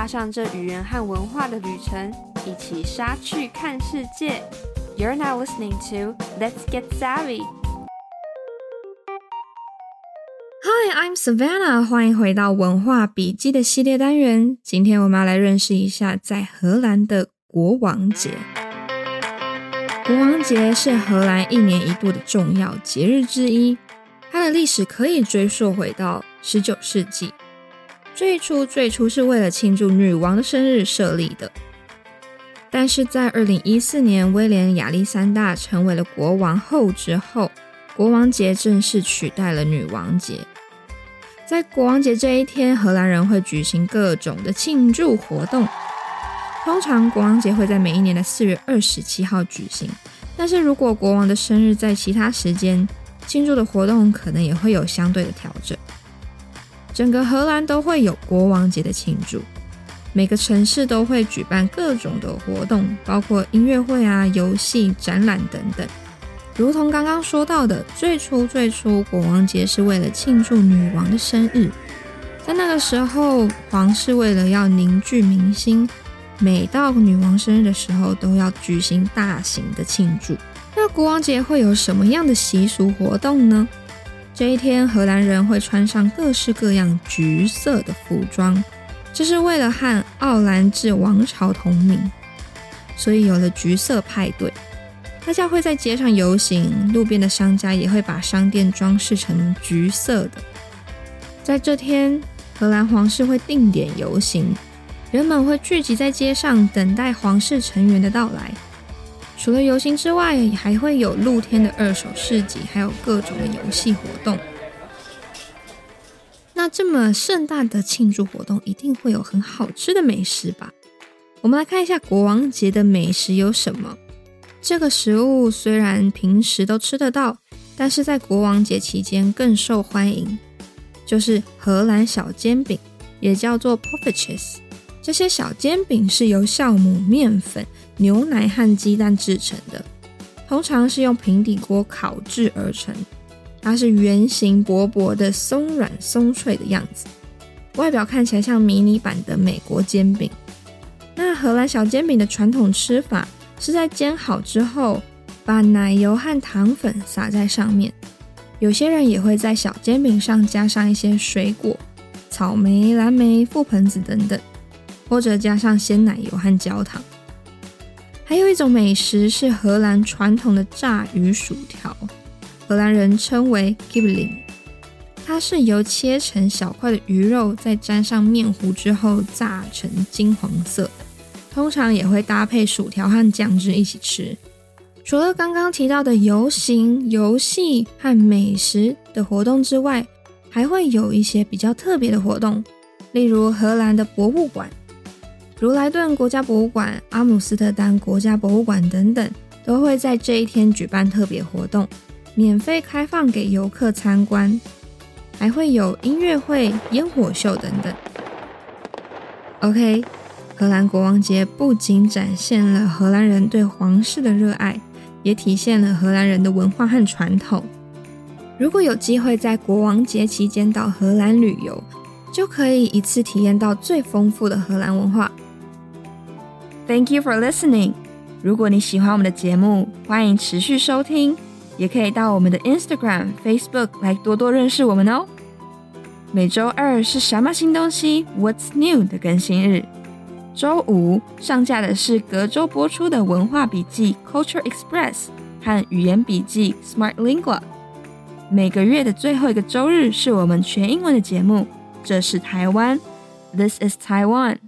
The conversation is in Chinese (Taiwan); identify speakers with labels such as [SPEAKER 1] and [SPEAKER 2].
[SPEAKER 1] 踏上這語言和文化的旅程，一起殺去看世界。You're now listening to Let's Get Savvy. Hi, I'm Savannah. 歡迎回到文化筆記的系列單元。今天我們要來認識一下在荷蘭的國王節。國王節是荷蘭一年一度的重要節日之一，它的歷史可以追溯回到十九世紀。最初，最初是為了慶祝女王的生日設立的，但是在二零一四年威廉亞歷山大成為了國王後之後，國王節正式取代了女王節。在國王節這一天，荷蘭人會舉行各種的慶祝活動。通常，國王節會在每一年的四月二十七號舉行，但是如果國王的生日在其他時間，慶祝的活動可能也會有相對的調整。整個荷蘭都會有國王節的慶祝，每個城市都會舉辦各種的活動，包括音樂會啊、遊戲、展覽等等。如同剛剛說到的，最初最初，國王節是為了慶祝女王的生日。在那個時候，皇室為了要凝聚民心，每到女王生日的時候都要舉行大型的慶祝。那國王節會有什麼樣的習俗活動呢？這一天，荷蘭人會穿上各式各樣橘色的服裝，這是為了和奧蘭治王朝同名，所以有了橘色派對。大家會在街上遊行，路邊的商家也會把商店裝飾成橘色的。在這天，荷蘭皇室會定點遊行，人們會聚集在街上等待皇室成員的到來。除了遊行之外，還會有露天的二手市集，還有各種的遊戲活動。那這麼盛大的慶祝活動，一定會有很好吃的美食吧？我們來看一下國王節的美食有什麼。這個食物雖然平時都吃得到，但是在國王節期間更受歡迎，就是荷蘭小煎餅，也叫做 poffertjes 這些小煎餅是由酵母、麵粉、牛奶和雞蛋製成的，通常是用平底鍋烤製而成。它是圓形、薄薄的、鬆軟鬆脆的樣子，外表看起來像迷你版的美國煎餅。那荷蘭小煎餅的傳統吃法是在煎好之後，把奶油和糖粉撒在上面。有些人也會在小煎餅上加上一些水果，草莓、藍莓、覆盆子等等。或者加上鮮奶油和焦糖。還有一種美食是荷蘭傳統的炸魚薯條，荷蘭人稱為 “kibbeling”。它是由切成小塊的魚肉，再沾上麵糊之後炸成金黃色，通常也會搭配薯條和醬汁一起吃。除了剛剛提到的遊行、遊戲和美食的活動之外，還會有一些比較特別的活動，例如荷蘭的博物館。如萊頓國家博物館、阿姆斯特丹國家博物館等等，都會在這一天舉辦特別活動，免費開放給遊客參觀，還會有音樂會、煙火秀等等。OK，荷蘭國王節不僅展現了荷蘭人對皇室的熱愛，也體現了荷蘭人的文化和傳統。如果有機會在國王節期間到荷蘭旅遊，就可以一次體驗到最豐富的荷蘭文化。Thank you for listening. 如果你喜歡我們的節目，歡迎持續收聽，也可以到我們的 Instagram、Facebook 來多多認識我們哦。每周二是什麼新東西？What's New 的更新日。周五上架的是隔周播出的文化筆記 Culture Express 和語言筆記 Smart Lingua。每個月的最後一個周日是我們全英文的節目，這是台灣，This is Taiwan。